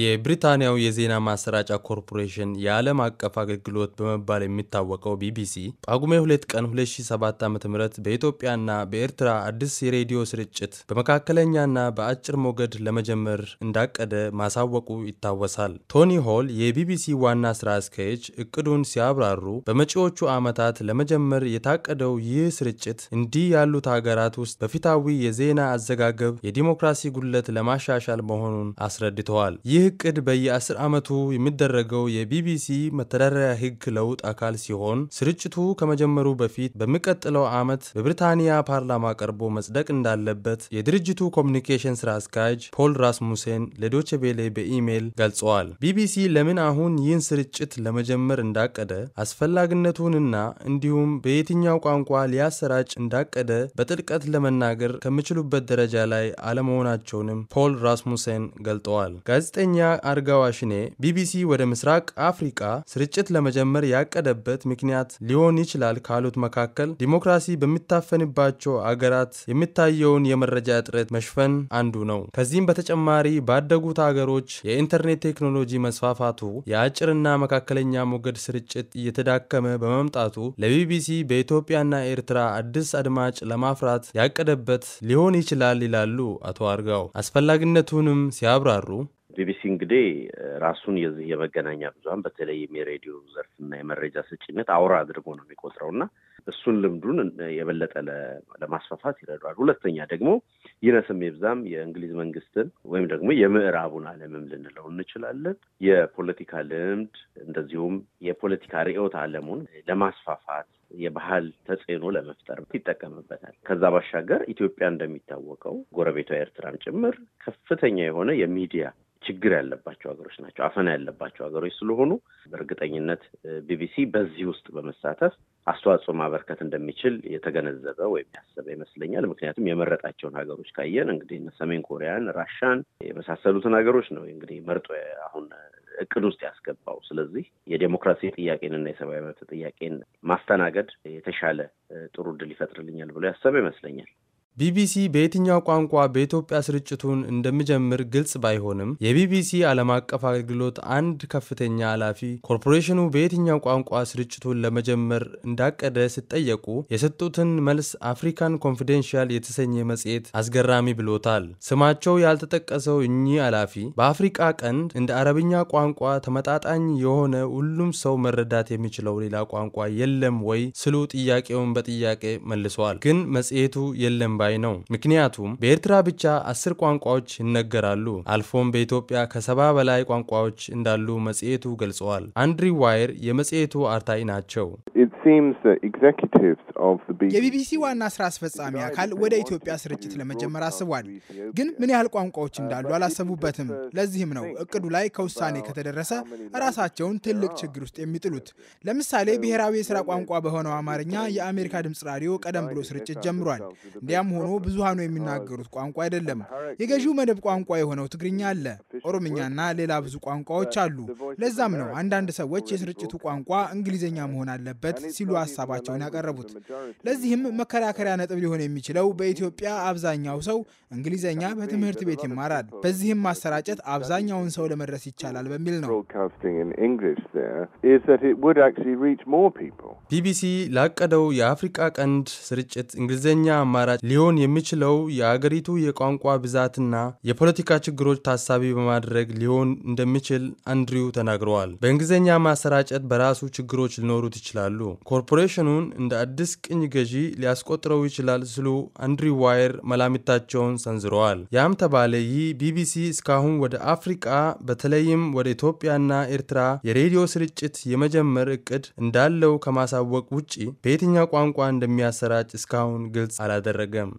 የብሪታንያው የዜና ማሰራጫ ኮርፖሬሽን የዓለም አቀፍ አገልግሎት በመባል የሚታወቀው ቢቢሲ ጳጉሜ 2 ቀን 2007 ዓ.ም በኢትዮጵያና በኤርትራ አዲስ የሬዲዮ ስርጭት በመካከለኛና በአጭር ሞገድ ለመጀመር እንዳቀደ ማሳወቁ ይታወሳል። ቶኒ ሆል የቢቢሲ ዋና ስራ አስኪያጅ እቅዱን ሲያብራሩ በመጪዎቹ ዓመታት ለመጀመር የታቀደው ይህ ስርጭት እንዲህ ያሉት ሀገራት ውስጥ በፊታዊ የዜና አዘጋገብ የዲሞክራሲ ጉድለት ለማሻሻል መሆኑን አስረድተዋል። ይህ እቅድ በየአስር ዓመቱ የሚደረገው የቢቢሲ መተዳደሪያ ሕግ ለውጥ አካል ሲሆን ስርጭቱ ከመጀመሩ በፊት በሚቀጥለው ዓመት በብሪታንያ ፓርላማ ቀርቦ መጽደቅ እንዳለበት የድርጅቱ ኮሚኒኬሽን ስራ አስኪያጅ ፖል ራስሙሴን ለዶቼ ቬሌ በኢሜይል ገልጸዋል። ቢቢሲ ለምን አሁን ይህን ስርጭት ለመጀመር እንዳቀደ አስፈላጊነቱንና እንዲሁም በየትኛው ቋንቋ ሊያሰራጭ እንዳቀደ በጥልቀት ለመናገር ከሚችሉበት ደረጃ ላይ አለመሆናቸውንም ፖል ራስሙሴን ገልጠዋል። ጋዜጠኛ አርጋ አርጋዋሽኔ ቢቢሲ ወደ ምስራቅ አፍሪቃ ስርጭት ለመጀመር ያቀደበት ምክንያት ሊሆን ይችላል ካሉት መካከል ዲሞክራሲ በሚታፈንባቸው አገራት የሚታየውን የመረጃ እጥረት መሽፈን አንዱ ነው። ከዚህም በተጨማሪ ባደጉት አገሮች የኢንተርኔት ቴክኖሎጂ መስፋፋቱ የአጭርና መካከለኛ ሞገድ ስርጭት እየተዳከመ በመምጣቱ ለቢቢሲ በኢትዮጵያና ኤርትራ አዲስ አድማጭ ለማፍራት ያቀደበት ሊሆን ይችላል ይላሉ አቶ አርጋው አስፈላጊነቱንም ሲያብራሩ ቢቢሲ እንግዲህ ራሱን የዚህ የመገናኛ ብዙሀን በተለይም የሬዲዮ ዘርፍና የመረጃ ሰጪነት አውራ አድርጎ ነው የሚቆጥረው እና እሱን ልምዱን የበለጠ ለማስፋፋት ይረዷል። ሁለተኛ ደግሞ ይነስም ይብዛም የእንግሊዝ መንግስትን ወይም ደግሞ የምዕራቡን አለምም ልንለው እንችላለን የፖለቲካ ልምድ እንደዚሁም የፖለቲካ ርዕዮት አለሙን ለማስፋፋት የባህል ተጽዕኖ ለመፍጠር ይጠቀምበታል። ከዛ ባሻገር ኢትዮጵያ እንደሚታወቀው ጎረቤቷ ኤርትራም ጭምር ከፍተኛ የሆነ የሚዲያ ችግር ያለባቸው ሀገሮች ናቸው፣ አፈና ያለባቸው ሀገሮች ስለሆኑ በእርግጠኝነት ቢቢሲ በዚህ ውስጥ በመሳተፍ አስተዋጽኦ ማበርከት እንደሚችል የተገነዘበ ወይም ያሰበ ይመስለኛል። ምክንያቱም የመረጣቸውን ሀገሮች ካየን እንግዲህ ሰሜን ኮሪያን፣ ራሻን የመሳሰሉትን ሀገሮች ነው እንግዲህ መርጦ አሁን እቅድ ውስጥ ያስገባው። ስለዚህ የዴሞክራሲ ጥያቄንና የሰብአዊ መብት ጥያቄን ማስተናገድ የተሻለ ጥሩ እድል ይፈጥርልኛል ብሎ ያሰበ ይመስለኛል። ቢቢሲ በየትኛው ቋንቋ በኢትዮጵያ ስርጭቱን እንደሚጀምር ግልጽ ባይሆንም የቢቢሲ ዓለም አቀፍ አገልግሎት አንድ ከፍተኛ ኃላፊ ኮርፖሬሽኑ በየትኛው ቋንቋ ስርጭቱን ለመጀመር እንዳቀደ ሲጠየቁ የሰጡትን መልስ አፍሪካን ኮንፊደንሽል የተሰኘ መጽሔት አስገራሚ ብሎታል። ስማቸው ያልተጠቀሰው እኚህ ኃላፊ በአፍሪቃ ቀንድ እንደ አረብኛ ቋንቋ ተመጣጣኝ የሆነ ሁሉም ሰው መረዳት የሚችለው ሌላ ቋንቋ የለም ወይ ስሉ ጥያቄውን በጥያቄ መልሰዋል። ግን መጽሔቱ የለም ባይ ላይ ነው። ምክንያቱም በኤርትራ ብቻ አስር ቋንቋዎች ይነገራሉ። አልፎም በኢትዮጵያ ከሰባ በላይ ቋንቋዎች እንዳሉ መጽሔቱ ገልጸዋል። አንድሪ ዋይር የመጽሔቱ አርታኢ ናቸው። የቢቢሲ ዋና ስራ አስፈጻሚ አካል ወደ ኢትዮጵያ ስርጭት ለመጀመር አስቧል። ግን ምን ያህል ቋንቋዎች እንዳሉ አላሰቡበትም። ለዚህም ነው እቅዱ ላይ ከውሳኔ ከተደረሰ ራሳቸውን ትልቅ ችግር ውስጥ የሚጥሉት። ለምሳሌ ብሔራዊ የስራ ቋንቋ በሆነው አማርኛ የአሜሪካ ድምፅ ራዲዮ ቀደም ብሎ ስርጭት ጀምሯል። እንዲያም ሆኖ ብዙሃኑ የሚናገሩት ቋንቋ አይደለም። የገዢው መደብ ቋንቋ የሆነው ትግርኛ አለ። ኦሮምኛና ሌላ ብዙ ቋንቋዎች አሉ። ለዛም ነው አንዳንድ ሰዎች የስርጭቱ ቋንቋ እንግሊዝኛ መሆን አለበት ሲሉ ሀሳባቸውን ያቀረቡት። ለዚህም መከራከሪያ ነጥብ ሊሆን የሚችለው በኢትዮጵያ አብዛኛው ሰው እንግሊዘኛ በትምህርት ቤት ይማራል፣ በዚህም ማሰራጨት አብዛኛውን ሰው ለመድረስ ይቻላል በሚል ነው። ቢቢሲ ላቀደው የአፍሪቃ ቀንድ ስርጭት እንግሊዝኛ አማራጭ ሊሆን የሚችለው የአገሪቱ የቋንቋ ብዛትና የፖለቲካ ችግሮች ታሳቢ በማድረግ ሊሆን እንደሚችል አንድሪው ተናግረዋል። በእንግሊዝኛ ማሰራጨት በራሱ ችግሮች ሊኖሩት ይችላሉ። ኮርፖሬሽኑን እንደ አዲስ ቅኝ ገዢ ሊያስቆጥረው ይችላል ሲሉ አንድሪ ዋይር መላምታቸውን ሰንዝረዋል። ያም ተባለ ይህ ቢቢሲ እስካሁን ወደ አፍሪቃ በተለይም ወደ ኢትዮጵያና ኤርትራ የሬዲዮ ስርጭት የመጀመር እቅድ እንዳለው ከማሳወቅ ውጪ በየትኛው ቋንቋ እንደሚያሰራጭ እስካሁን ግልጽ አላደረገም።